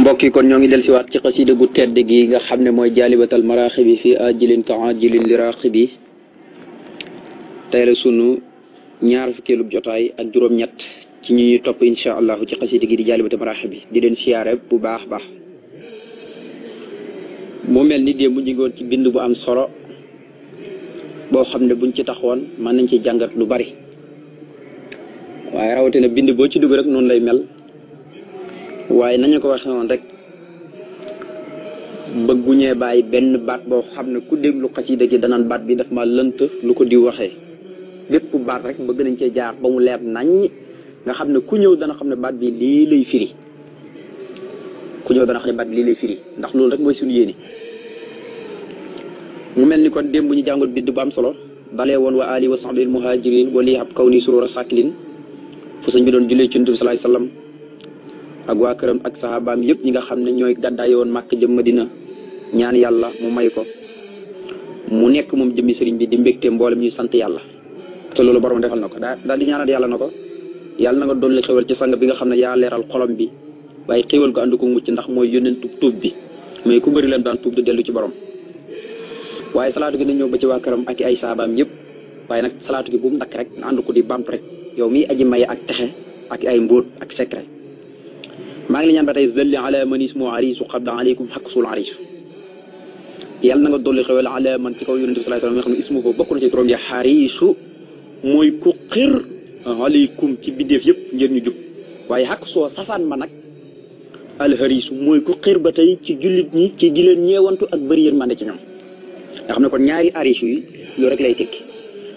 mbokk yi kon ñoo ngi del siwaat ci xasida gu tedd gi nga xam ne mooy jaalibatal maraaxibi fii ajilin ka ajilin li raaxibi tey la sunu ñaar fukkeelub jotaay ak juróom-ñett ci ñu ñuy topp incha allahu ci xasida gi di jaalibatal bi di leen siyaare bu baax baax mu mel ni démb ñu ngi ci bind bu am solo boo xam ne buñ ci taxoon mën nañ ci jàngat lu bari waaye rawatina bind boo ci dugg rek noonu lay mel waaye nañu ko waxee woon rek bëgguñee bàyyi benn baat boo xam ne ku déglu xasida gi danaan baat bi dafa ma lënt lu ko di waxee bépp baat rek bëgg nañ cee jaar ba mu leer naññ nga xam ne ku ñëw dana xam ne baat bi lii lay firi ku ñëw dana xam ne baat bi ndax loolu rek mooy suñu yéene mu mel ni kon démb ñu jàngoon bidd bu am solo balee woon wa ali wa sahbil muhajirin wali ab kaw ni surura sakilin fu sëñ bi doon jullee ci Yonent bi salaay sallam ak waa këram ak saxaabaam yëpp ñi nga xam ne ñooy gàddaaye woon jëmma jëm Madina ñaan yàlla mu may ko mu nekk moom jëmmi sëriñ bi di mbégte mboolem ñuy sant yàlla te loolu borom defal na ko daa daal di ñaanal yàlla na ko yàlla na nga doon la xéwal ci sang bi nga xam ne yaa leeral xolom bi waaye xéwal ko ànd ko mucc ndax mooy yónnentu tuub bi mais ku bëri leen daan tuub di dellu ci borom waaye salaatu gi na ñëw ba ci waa këram ak ay saabaam yëpp waaye nag salaatu gi bu mu ndakk rek ànd ko di bamp rek yow miy aji maye ak texe ak ay mbóot ak secret maa ngi la ñaan ba tey dalli ala man ismu arisu qabla aleykum xaq sul aris yàlla na nga dolli xewal ala man ci kaw yonente bi sallallahu alayhi wasallam xam ne ko bokk na ci turam mooy ku xir aleykum ci bindeef yëpp ngeen ñu jub waaye xaq soo safaan ma nag alxarisu mooy ku xir ba tey ci jullit ñi ci jileen ñeewantu ak bëri yéen mande ci ñoom nga xam ne kon ñaari arisu yi loolu rek lay tekki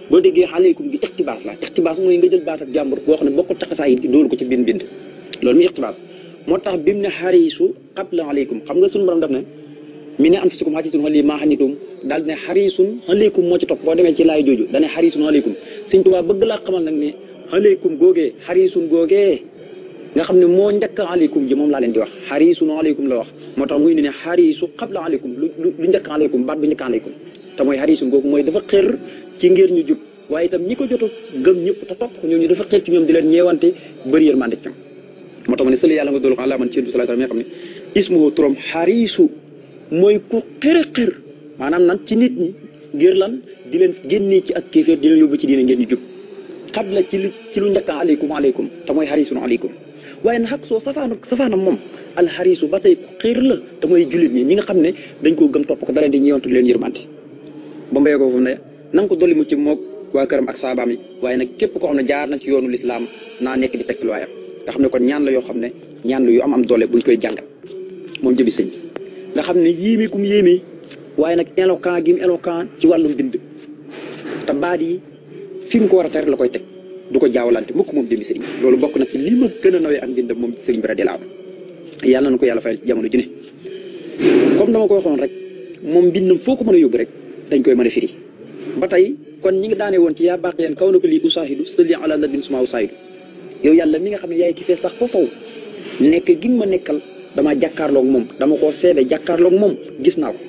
boo déggee aleykum gi ixtibaas la ixtibaas mooy nga jël baat ak jàmbur boo xam ne boo ko taxasaa yi doolu ko ci bind bind loolu muy ixtibaas moo tax bi mu ne xariisu qabla aleykum xam nga suñu borom def ne mi ne anfusikum xaajatun xali maa xanitum daal ne xariisun aleykum moo ci topp boo demee ci laay jooju dane xariisun aleykum Sëñ Tuubaa bëgg laa xamal nag ne aleykum googee xariisun googee nga xam ne moo njëkk aleykum ji moom laa leen di wax xariisun aleykum la wax moo tax muy ne ne xariisu qabla aleykum lu lu njëkk aleykum baat bu njëkk aleykum te mooy xariisun googu mooy dafa xër ci ngir ñu jub waaye itam ñi ko jotu gëm ñëpp te topp ñooñu dafa xër ci ñoom di leen ñeewante bëri yërmande ci ñoom moo tax ma ne sëli yàlla nga doolu ko àlaa man ci yéen bi xam ne ismuhu mooy ku xër xër maanaam nan ci nit ñi ngir lan di leen génnee ci ak kéeféer di leen yóbbu ci diine ngeen ñu jub xab la ci lu ci lu njëkkaan aleykum aleykum te mooy xariisun aleykum waaye nag soo safaana safaanam moom alxariisu ba tey ku xër la te mooy jullit ñi ñi nga xam ne dañ koo gëm topp ko daleen di ñëwantu di leen yërmante ba mbéyee ko fu ne na nga ko dolli mu ci mook waa këram ak saabaam yi waaye nag képp koo xam ne jaar na ci yoonu lislaam naa nekk di tekkiluwaayam nga xam ne kon ñaan la yoo xam ne ñaan la yu am am doole buñ koy jàngal moom jëbi sëñ nga xam ne yéeme kum yéeme waaye nag éloquent gi mu ci wàllum bind te baat yi fi mu ko war a tere la koy teg du ko jaawalante mukk moom jëmi sëñ loolu bokk na ci li ma gën a nawee ak mbindam moom sëñ bi radiyallaahu anhu na ko yàlla fayal ci jamono ju ne comme ko waxoon rek moom mbindam foo ko mën a yóbbu rek dañ koy mën a firi ba tey kon ñi ngi daane woon ci yaa baax yeen kaw na ko lii usaahidu sëli ala nabin suma usaahidu yow yàlla mi nga xam ne yaay gisee sax fa faw nekk gi ma nekkal dama jàkkaarloog moom dama koo seede jàkkaarloog moom gis naa ko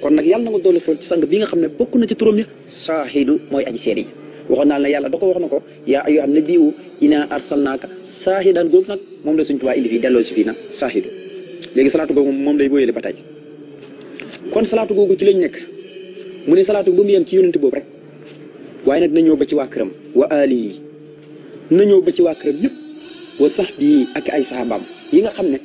kon nag yàlla na nga doole sol ci sang bi nga xam ne bokk na ci turam yi saahidu mooy aji seede yi waxoon naa la yàlla da ko wax na ko yaa ayyuhan nabiyyu inaa arsalnaaka saahidan googu nag moom la suñ tubaa indi fii delloo si fii nag saahidu léegi salaatu googu moom lay booyale ba tey kon salaatu googu ci lañ nekk mu ne salaatu bu mu yem ci yonent boobu rek waaye nag dina ñëw ba ci waa wa aali na ñëw ba ci waa këram yëpp wa sax bii ak ay saxaabaam yi nga xam ne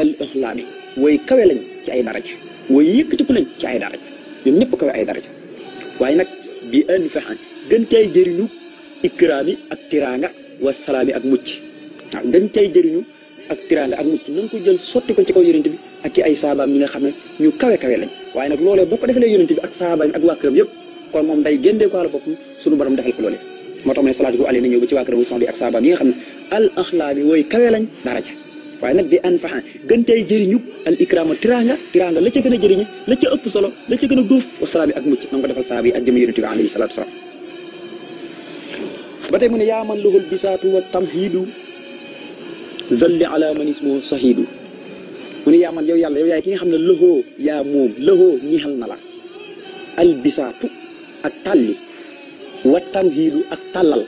al axlaami way kawe lañ ci ay daraja way yëkkatiku lañ ci ay daraja ñoom ñëpp kawe ay daraja waaye nag bi an fexaan gën cay jëriñu ikraami ak tiraanga wa salaami ak mucc waaw gën cay jëriñu ak tiraanga ak mucc nañ ko jël sotti ko ci kaw yonente bi ak i ay saxaabaam yi nga xam ne ñu kawe kawe lañ waaye nag loolee boo ko defalee yonente bi ak saxaabaam ak waa këram yëpp kon moom day géndee ko àla boppam sunu borom defal ko loole moo tax mu ne salaatu gu àlli na ñëw ba ci waa kër Abu Sa'd ak saaba yi xam ne al axlaa bi wooy kawe waaye nag di an faxan gën tey jëriñu al ikraama tiranga tiranga la ca gën a la ca ëpp solo la ca gën a duuf wasalaam yi ak mucc na nga ko defal saaba yi ak jëm yonente bi alayhi salaatu salaam ba tey mu ne yaa man luhul bisaatu wa tamhiidu zalli ala man ismu sahiidu mu ne yaa man yow yàlla yow yaay ki nga xam ne lëhoo yaa moom lëhoo ñixal na la al bisaatu ak tàlli wa tamhiidu ak tàllal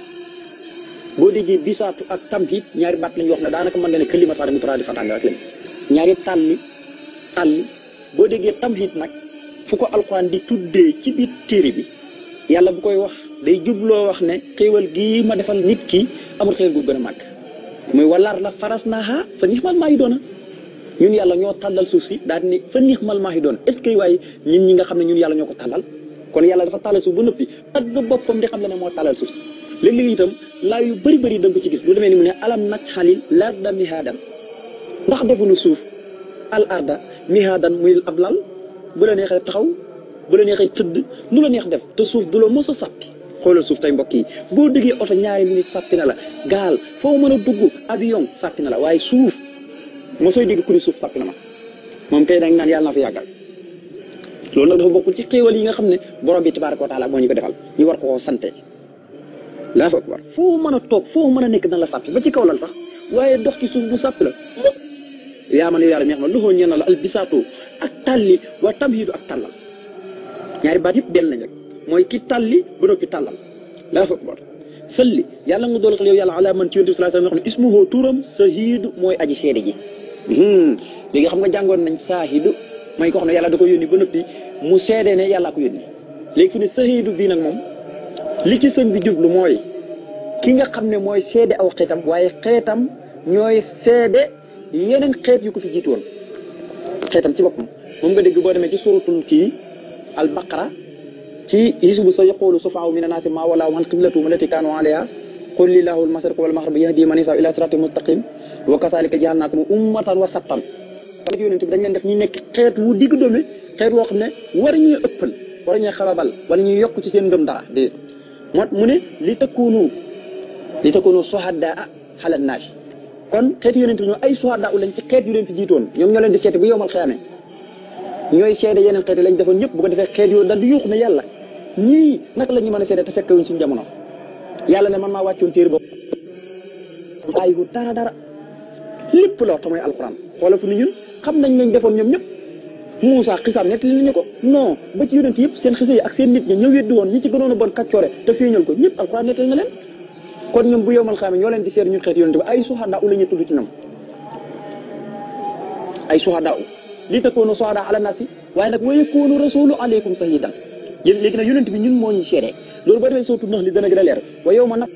boo déggee bisaatu ak tamhiid ñaari baat lañu wax ne daanaka mën nga ne kalimataani mutaraadifatani rek lañu ñaari tàlli tàlli boo déggee tam tamhiid nag fu ko alxuraan di tuddee ci biir téere bi yàlla bu koy wax day jubloo wax ne xéewal gii ma defal nit ki amul xéewal gu gën a màgg muy walaar la faras naaxa fa nixmal maa yi doona ñun yàlla ñoo tàllal suuf si daal di ne fa nixmal maa yi doona est ce que waaye ñun ñi nga xam ne ñun yàlla ñoo ko tàllal kon yàlla dafa tàllal suuf ba noppi tagg boppam di xam la ne moo tàllal suuf si léeg-léeg itam laa yu bëri bëri danga ko ci gis lu demee ni mu ne alam naj xalil laar da mihaadan ndax nu suuf al arda mihaadan muy ab lal bu la neexee taxaw bu la neexee tëdd nu la neex def te suuf du la mos a sàppi suuf tey mbokk yi boo déggee oto ñaari minute sàppi na la gaal foo mën a dugg avion sàppi na la waaye suuf mosooy dégg ku ne suuf sàppi na ma moom kay danga naan yàggal loolu nag dafa bokkul ci xéewal yi nga xam ne borom bi tabaaraka wa taala moo ñu ko defal ñu war koo sante laa fa war foo mën a toog foo mën a nekk dana la sàpp ba ci kaw lal sax waaye dox ci suuf bu sàpp la yaa man yow yàlla mi xam ne loxoo ñeen la albisaatoo ak tàlli wa tamhiidu ak tàllal ñaari baat yëpp benn lañ mooy ki tàlli ba noppi tàllal laa fa war salli yàlla nga dool xel yow yàlla ala man ci yonent bi sallallahu alayhi wasallam wax ne ismuhu turam sahiidu mooy aji seede ji hmm. léegi xam nga jàngoon nañ mooy koo xam ne yàlla da ko yónni ba noppi mu seede ne yàlla ko yónni léegi fi ne sahiidu bii nag moom li ci sëñ bi jublu mooy ki nga xam ne mooy seede aw xeetam waaye xeetam ñooy seede yeneen xeet yu ko fi jiitu woon xeetam ci boppam moom nga dégg boo demee ci suratul kii al baqara ci hizbu sa yaqulu sufaaw mina naasi maa walaahum an qiblatuhum allati kaanu alayha qul lillaahu al mashriqu wal maghribu yahdi man ilaa siraatin mustaqiim wa kazaalika ja'alnaakum ummatan wasatan ak yonent bi dañ leen def ñu nekk xeet wu digg dóome xeet woo xam ne war ñuy ëppal war ñuy xarabal ñuy yokk ci seen ngëm dara déedéet moo mu ne li takkuunu li takkuunu suhadaa xalan naas kon xeet yonent bi ñoo ay suhadaa u lañ ci xeet yu leen fi jiitoon ñoom ñoo leen di seet bu yowmal xiyaamee ñooy seede yeneen xeet yi lañ defoon ñëpp bu ko defee xeet yooyu dal di ne yàlla ñii naka la ñu mën a seede ta fekk wuñ suñu jamono yàlla ne man maa wàccoon téere boobu bàyyiwu dara dara lépp loo te mooy xoola fu ni ñun xam nañ lañ defoon ñoom ñëpp Moussa xisaam nettali nañu ko non ba ci yonent yëpp seen xisa yi ak seen nit ñi ñëw weddi woon ñi ci gënoon a bon kaccoore te feeñal ko ñëpp alxuraan nettali na leen kon ñoom bu yowmal xaame ñoo leen di seer ñun xeet yonent bi ay suhadaa u la ñuy tudd ci ñoom ay suhadaa u lii takoonu suhadaa ala nasi waaye nag wa yakuunu rasulu aleykum sahidan yéen léegi nag yonent bi ñun moo ñuy seere loolu boo defee soo tudd li dana gën a leer wa yow ma nag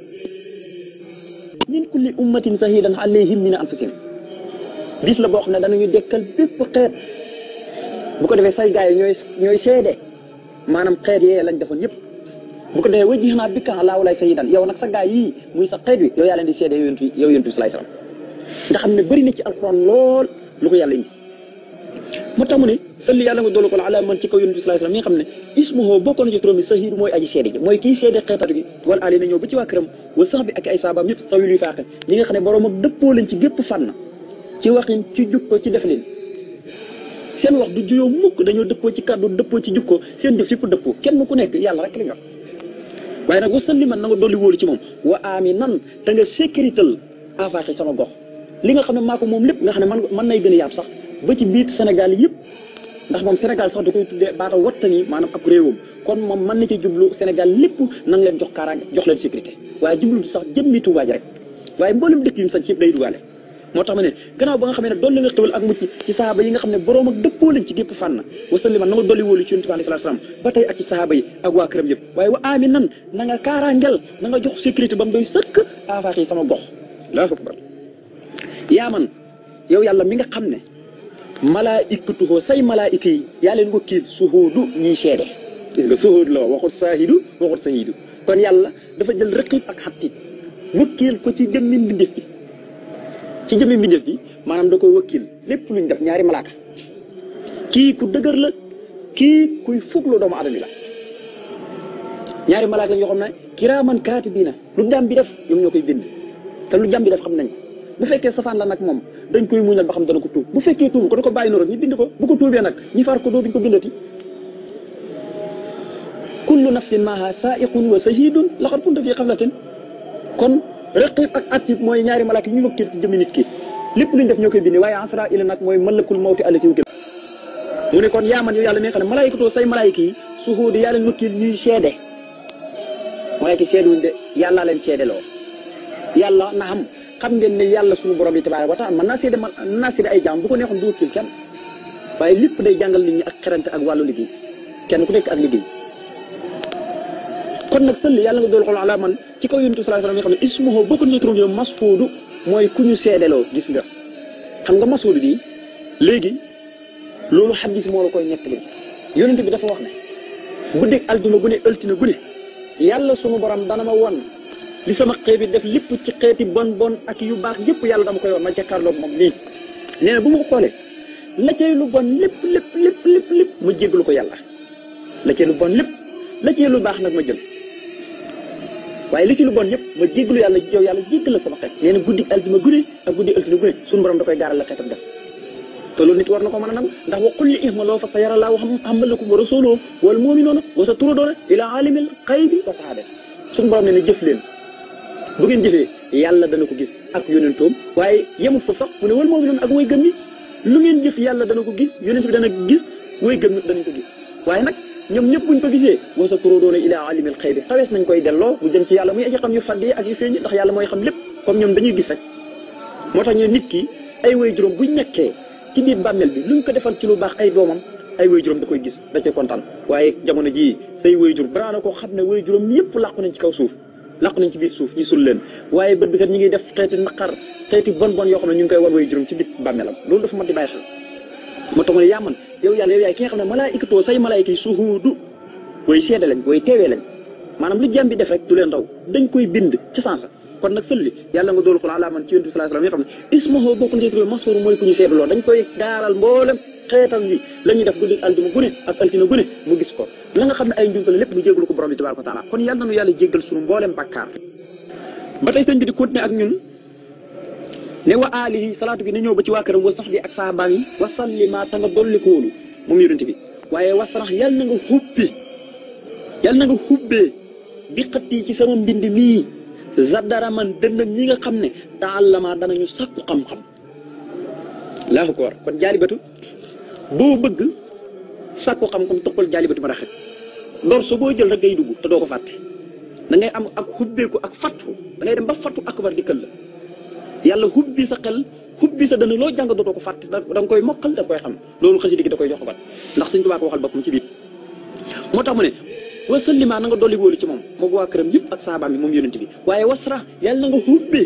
min kulli ummatin sahidan alayhim min anfusihim bis la boo xam ne danañu dekkal bépp xeet bu ko defee say gaa yi ñooy ñooy seede maanaam xeet yee lañ defoon yëpp bu ko defee wajji xanaa bikkan laa walaay sa yi daan yow nag sa gaay yi muy sa xeet wi yow yaa leen di seede yow yonent yow yonent bi salaay salaam nga xam ne bëri na ci alxuraan lool lu ko yàlla indi moo tax mu ne ëlli yàlla nga doolu ko la na mooy aji seede ji mooy kii seede xeetat gi wal ali na ñëw ba ci waa wal sax bi ak ay saabaam yëpp tawilu yi faaxe ñi nga xam ne boroom ak dëppoo lañ ci gépp fànn ci waxin ci jukko ci def deflin seen wax du juyoo mukk dañoo dëppoo ci kàddu dëppoo ci ko seen jëf yëpp dëppoo kenn ku nekk yàlla rek li nga waaye nag li man na nga dolli ci moom wa ami nan te nga sécurital avaaxi sama gox li nga xam ne maa ko moom lépp nga xam ne man mën nay gën a sax ba ci biir Sénégal yëpp ndax moom Sénégal sax da koy tuddee baata wattani maanaam ab réewam kon moom mën na ci jublu Sénégal lépp na nga leen jox kaaraange jox leen sécurité waaye jublu sax jëmmi Tuubaa ji rek waaye mboolem dëkk yi mu sañ yëpp day dugaale moo tax ma ne gannaaw ba nga xam ne nag dolli nga xéwal ak mucc ci sahaaba yi nga xam ne boroom ak dëppoo lañ ci gépp fànn wasalima na nga dolli wóolu ci yonent bi alayhi tey ak ci sahaaba yi ak waa këram yëpp waaye wa aami nan na nga kaaraangel na nga jox sécurité ba mu doy sëkk afaax yi sama gox allahu akbar yaa man yow yàlla mi nga xam ne malaa'ikatuhu say malaa'ika yi yaa leen wakiil suhuudu ñiy seede gis nga suhuud la waxut saahidu waxut sahidu kon yàlla dafa jël rëqiib ak xattiib wakiil ko ci jëmmi mbindeef bi maanaam da koy wëkkil lépp lu ñu def ñaari malaaka kii ku dëgër la kii kuy fugloo doomu adama la ñaari malaaka la ñoo xam ne kiraaman kaatibiina lu jàmm bi def ñoom ñoo koy bind te lu jàmm bi def xam nañ bu fekkee safaan la nag moom dañ koy muñal ba xam dana ko tuub bu fekkee tuub ko da ko bàyyi noonu ñu bind ko bu ko tuubee nag ñi far ko dootuñ ko bindati kullu nafsin maaha saaiqun wa sahidun laqad kunta fii xaflatin kon raqiib ak atiid mooy ñaari malaaka yi ñu wëkkil ci jëmmi nit ki lépp luñ def ñoo koy bindi waaye asra ila nag mooy malakul mawti àll si wëkkil mu ne kon yaa man yow yàlla mi nga xam ne malaayikatoo say malaayika yi suhuudi yaa leen wëkkil ñuy seede malaayika seede wuñ de yàllaa leen seedeloo yàlla na xam xam ngeen ne yàlla suñu borom yi tabaaraka wa man mën naa seede mën naa seede ay jaam bu ko neexoon du wëkkil kenn waaye lépp day jàngal nit ñi ak xerante ak wàllu liggéey kenn ku nekk ak liggéey kon nag sëlli yàlla nga dool xool ala man ci kaw yonent bi sallallahu alayhi wasallam nga xam ne ismuhu bokk na turam ñoom masfuudu mooy ku ñu seedeloo gis nga xam nga masfuudu bi léegi loolu xadis moo la koy nettali yonent bi dafa wax ne guddeeg alduma gu ne ëltina gu ne yàlla sunu borom dana ma won li sama xeebi def lépp ci xeeti bon bon ak yu baax yëpp yàlla dama koy won ma jàkkaarloog moom nii nee na bu ma ko xoolee la cay lu bon lépp lépp lépp lépp lépp ma jéggalu ko yàlla la cay lu bon lépp la cay lu baax nag ma jël waaye li ci lu bon yëpp ma jéggalu yàlla yow yàlla jéggal la sama xeet nee na guddi aljuma gune ak guddi altine gune suñu borom da koy gaaral la xeetam def te loolu nit war na ko man a nangu ndax wa qul li i'maloo fa sayarallaahu amalakum wa rasuluhu wal mu'minuuna wa saturadduuna ilaa aalimil xaybi wa shahaada suñu borom nee na jëf leen bu ngeen jëfee yàlla dana ko gis ak yonentoom waaye yemul foofu mu ne wal mu'minuuna ak way gëm yi lu ngeen jëf yàlla dana ko gis yonent bi dana gis way gëm danañ ko gis waaye nag ñoom ñëpp buñ ko gisee wa sa ilaa alimil xëy bi xawees nañ koy delloo bu jëm ci yàlla muy aji xam yu fàgg yi ak yu feeñ ndax yàlla mooy xam lépp comme ñoom ci biir bàmmeel bi luñ ko defal ci lu baax ay doomam ay way juróom da koy gis da cee kontaan waaye jamono jii say way jur baraana ko xam ne way juróom yëpp làqu nañ ci kaw suuf làqu nañ ci biir suuf ñu sul leen waaye bët bi kat ñu ngi def xeeti naqar xeeti bon bon yoo xam ne ñu ngi koy war way juróom ci biir bàmmeelam loolu dafa moo tax mu ne yaa man yow yàlla yow yaay ki nga xam ne malaayikatoo say malaayika yi suhuudu booy seede lañ booy teewee lañ maanaam lu jàmm bi def rek du leen raw dañ koy bind ci sansa kon nag fëlli yàlla nga doolu ko ala man ci yonent bi sallallahu alayhi wasallam nga xam ne ismahu bokk na ci tur masfur mooy ku ñu seedaloo dañ koy gaaral mboolem xeetam yi la ñuy def guddi altine gune ak altine gune mu gis ko la nga xam ne ay njuumtal lépp mu jégalu ko borom bi tabaaraka wa taala kon yàlla nanu yàlla jéggal sunu mboolem bakkaar ba tey sëñ bi di continuer ak ñun ne wa salaatu bi na ñëw ba ci waa këram sax bi ak saabaam yi wa sallima ta nga dolli koolu moom yonent bi waaye wasarax yal na nga xubbi yal na nga xubbee biqati ci sama mbind mii dara man dëndam ñi nga xam ne taallama danañu sàkku xam-xam ko war kon jaalibatu boo bëgg sàkku xam-xam toppal jaalibatu ma raxet door su boo jël rek ngay dugg te doo ko fàtte da am ak xubbeeku ak fattu da ngay dem ba fattu akbar dikkal la yàlla hubbi sa xel hubbi sa dana loo jàng dootoo ko fàtte da nga koy mokkal da koy xam loolu xasida gi da koy jox bat ndax suñ tubaab ko waxal boppam ci biir moo tax mu ne na nga dolli wóolu ci moom moog waa këram yëpp ak saabaam yi moom bi waaye wasra yàlla na nga hubbi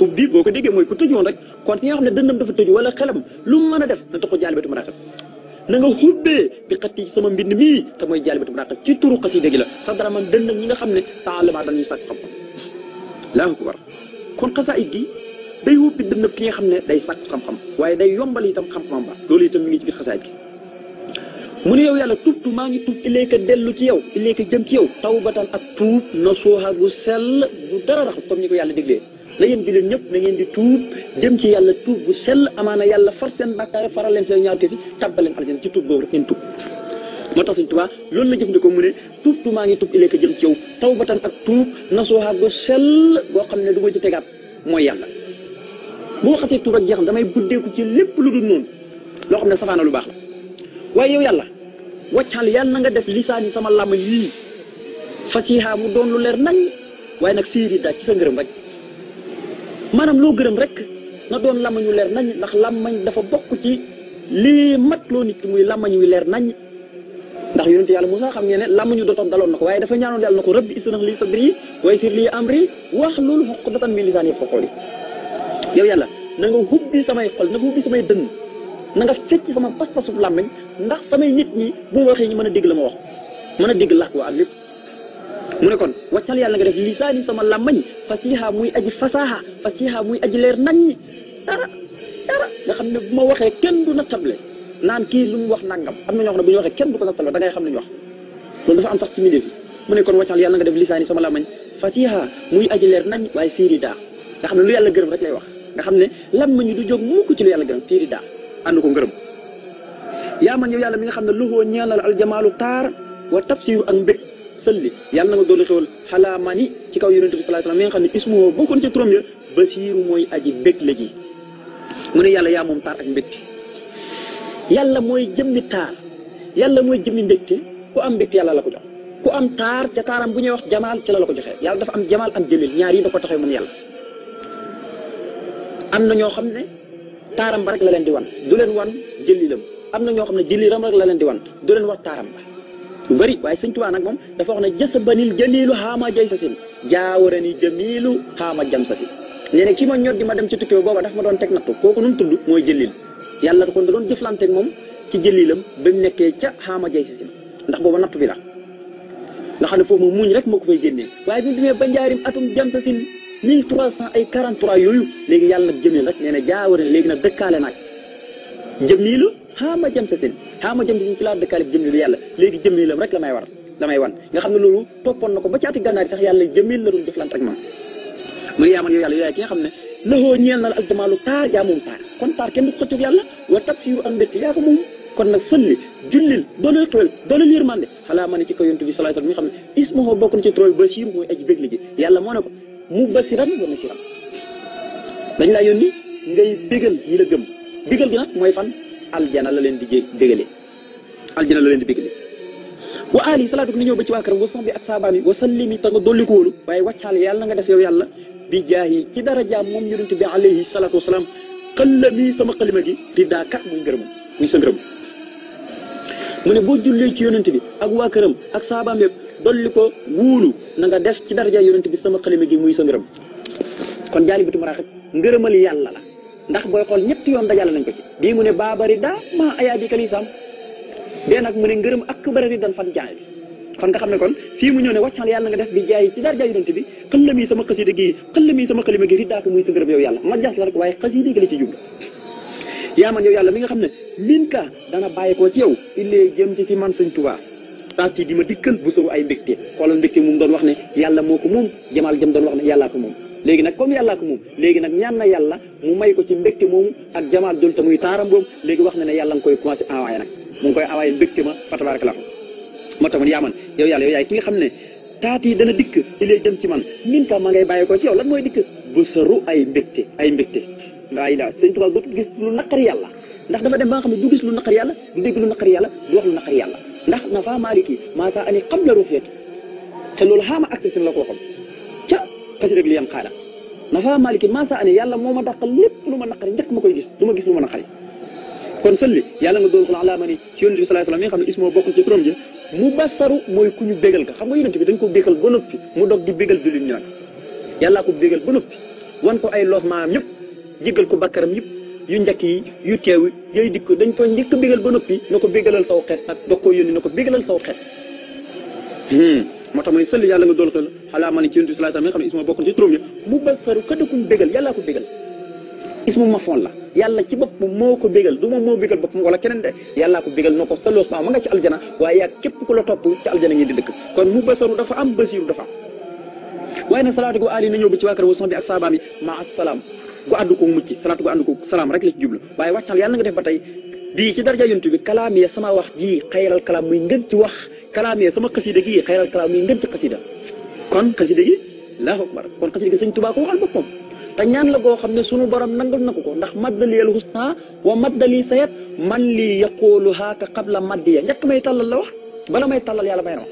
hubbi boo ko déggee mooy ku tëjoon rek kon ki nga xam ne dëndam dafa tëju wala xelam lu mu mën a def na tax ko jaalibatu maraqib na nga xubbee bi xatti sama mbind mii te mooy ba maraqib ci turu xasida gi la sax dara man dëndam ñi nga xam ne taalamaa dañuy sàkk xam-xam laa ko war kon xasaayit gi day wóbbi dënnab ki nga xam ne day sàkku xam-xam waaye day yombal itam xam-xam ba loolu itam mi ngi ci biir xasaayit gi mu ne yow yàlla tubtu maa ngi tub ilayka dellu ci yow ilayka jëm ci yow tawbatan ak tuub nasuuha gu sell gu dara raxul comme ni ko yàlla diglee la yéen bi leen ñëpp na ngeen di tuub jëm ci yàlla tuub gu sell amaana yàlla far seen bàkkaar faral leen seen ñaawte fi tàbbal leen ci tuub boobu rek ngeen tuub moo tax suñ tubaa loolu la jëfandikoo mu ne tuub tuumaa ngi tuub ileeka jëm ci yow taw batan ak tuub nasuuxa gu sell boo xam ne du ma ci tegaat mooy yàlla bu waxatee tuub ak jeex na damay buddeeku ci lépp lu dul noonu loo xam ne safaana lu baax la waaye yow yàlla wàccal yàlla na nga def lisaan yi sama làmm yii fasiiha mu doon lu leer nañ waaye nag siiri daal ci sa ngërëm rek maanaam loo gërëm rek na doon làmmañ wu leer nañ ndax làmmañ dafa bokk ci lii mat loo nit ndax yonent yàlla Moussa xam ngeen ne làmmiñu dotam daloon na ko waaye dafa ñaanoon yàlla na ko rabbi ishrah wa yassir li amri wahlul uqdatan min yow yàlla na nga hubbi samay xol na nga hubbi samay dënn na nga fecc sama pas-pasub làmmiñ ndax samay nit ñi boo waxee ñu mën a dégg la ma wax mën a dégg làkk waa ak lépp mu ne kon wàccal yàlla nga def lisaani sama làmmañ fasiha muy aji fasaha fasiha muy aji leer nañ dara dara nga xam ne bu ma waxee kenn du na table naan kii lu mu wax nangam am na ñoo xam ne bu ñu waxee kenn du ko nattaloo da ngay xam li ñu wax loolu dafa am sax ci milieu bi mu ne kon waccal yàlla nga def lisaani sama lamañ fatiha muy aji leer nañ waaye fiiri daa nga xam ne lu yàlla gërëm rek lay wax nga xam ne lamañu du jóg mukk ci lu yàlla gërëm fiiri daa ànd ko ngërëm yaa man yow yàlla mi nga xam ne luxoo ñeenal aljamaalu taar wa tafsiru ak mbég sëlli yàlla na nga doolu xewal xalaa mani ci kaw yonente bi sallallahu alayhi wasallam xam ne ismuhoo bokkoon ca turam ya basiiru mooy aji mbég la ji mu ne yàlla yaa moom taar ak mbég yàlla mooy jëmmi taar yàlla mooy jëmmi mbégte ku am mbégte yàlla la ko jox ku am taar te taaram bu ñuy wax jamaal ci la la ko joxee yàlla dafa am jamaal am jëlil ñaar yi da ko taxee moom yàlla am na ñoo xam ne taaram ba rek la leen di wan du leen wan jëlilam am na ñoo xam ne jëlilam rek la leen di wan du leen wax taaram ba lu bëri waaye sëñ Tuubaa nag moom dafa wax ne jës banil jëlilu xaama jay sa sin jaawarani jëmiilu xaama jam sa sin nee na kii ma ñor di ma dem ci tukki booba daf ma doon teg nattu kooku nu mu tudd mooy jëlil yàlla kon da doon jëflanteeg moom ci jëlilam ba mu nekkee ca xaama jay si ndax boobu natt bi la nga xam ne foofu moom muñ rek moo ko fay génnee waaye bi mu demee ba njaarim atum jant sin mille trois cent ay quarante trois yooyu léegi yàlla nag jëmee nag nee na jaaware léegi nag dëkkaale naaj jëmiilu xaama jam sa sin xaama jam sa sin ci laa dëkkaale bi jëmiilu yàlla léegi jëmiilam rek la may war la may wan nga xam ne loolu toppoon na ko ba caati gànnaar yi yàlla jëmiil la doon jëflante ak moom mu lëxoo ñeel na la ak jamaalu taar yaa moom taar kon taar kenn du ko xëccoog yàlla wa tafsiru am mbétt yaa ko moom kon nag sëlli jullil dooleel xewel dooleel yërmande xalaa ma ne ci ko yontu bi salaay salaam mi xam ne ismaho bokk na ci tróoy basiir mooy aji bégli ji yàlla moo ne ko mu basiran wa nasiran dañ laa yónni ngay bégal ñi la gëm bégal gi nag mooy fan aljana la leen di jé bégalee aljana la leen di bégalee wa ali salaatu na ñëw ba ci waa këram wa saxbi ak saabaam yi wa sallimi ta nga dolli ko wóolu waaye wàccaale yàlla nga def yow yàlla bi jaahi ci dara moom yonent bi alayhi salaatu wasalaam xëlla mii sama xalima gi di daa kat muy ngërëm muy sa ngërëm mu ne boo jullee ci yonent bi ak waa këram ak saabaam yëpp dolli ko wuulu na nga def ci daraja yonent bi sama xalima gi muy sa ngërëm kon jaali bitu maraaxib ngërëmal yàlla la ndax booy xool ñetti yoon dajale nañ ko ci bii mu ne baabari daa ayaa bi kalisaam dee nag mu ne ngërëm ak barari dan fan jaay kon nga xam ne kon fii mu ñëw ne wàccal yàlla nga def bi jaay ci darja yonent bi xëlla mii sama xasida gi xëlla mii sama xalima gi muy sa ngërëm yow yàlla ma jas la rek waaye xasida gi la ci jublu yaa man yow yàlla mi nga xam ne min ka dana bàyyi koo ci yow illee jëm ci ci man suñ tubaa taat yi di ma dikkal bu soo ay mbégte xoolal mbégte moom doon wax ne yàlla moo ko moom jamaal jëm doon wax ne yàllaa ko moom léegi nag comme yàllaa ko moom léegi nag ñaan na yàlla mu may ko ci mbégte moomu ak jamaal jul te muy taaram boobu na ne yàlla nga koy commencé envoyé nag mu moo tax mu yaa man yow yàlla yow yaay ki nga xam ne taat yi dana dikk ilay jëm ci man min ka ma ngay bàyyi ko ci yow lan mooy dikk bu saru ay mbégte ay mbégte daal sëñ Tuubaa dootul yàlla ndax dafa dem ba nga xam ne du gis lu naqari yàlla du dégg lu naqari yàlla du wax lu naqari yàlla ndax nafa maaliki maasaa ani xam la ruxeet te loolu xaama accès la ko waxam xëy rek li yam xaala nafa maliki maasa ane moo ma dàqal lépp lu ma naqari njëkk ma koy gis du ma gis kon sëlli yàlla nga doon xol alaa ma ni ci yonent bi sallallahu alayhi xam ne ismoo bokkul ci turam xam nga yonent bi dañ ko bégal ba noppi mu dog di bégal jullit ñi nag yàllaa ko bégal ba noppi wan ko ay loof maam ñëpp jéggal ko bakkaram yëpp yu njëkk yi yu teew yooyu dikk dañ ko njëkk bégal ba noppi na ko béggalal saw xeet ak dog koo yónni na ko bégalal saw xeet hmm. moo tax ma ne sëlli yàlla nga dool xel alaa ma ci yonent bi salaatu xam ko bégal moo ko bégal du moom moo bégal boppam wala keneen de yàllaa la topp ci aljana ngeen di dëkk kon mu basaru dafa am basiru dafa am waaye nag salaatu gu aali wa son bi ak def ba tey bii sama wax ji xayral kalaam muy ngën ci wax kalaamee sama xasida gi xayral kalaam yi ngën ci xasida kon xasida gi allahu akbar kon xasida gi sëñ Tuubaa ko waxal boppam te ñaan la goo xam ne sunu borom nangal na ko ko ndax maddali al husna wa maddali sayat man lii yaquluha ka qabla ya njëkk may tàllal la wax bala may tàllal yàlla may na wax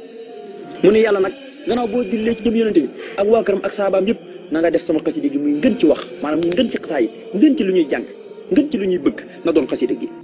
mu ne yàlla nag gannaaw boo jullee ci jëm yonente bi ak waa këram ak saabaam yëpp na nga def sama xasida gi muy ngën ci wax maanaam muy ngën ci xasaay ngën lu ñuy jàng ngën ci lu ñuy bëgg na doon xasida gi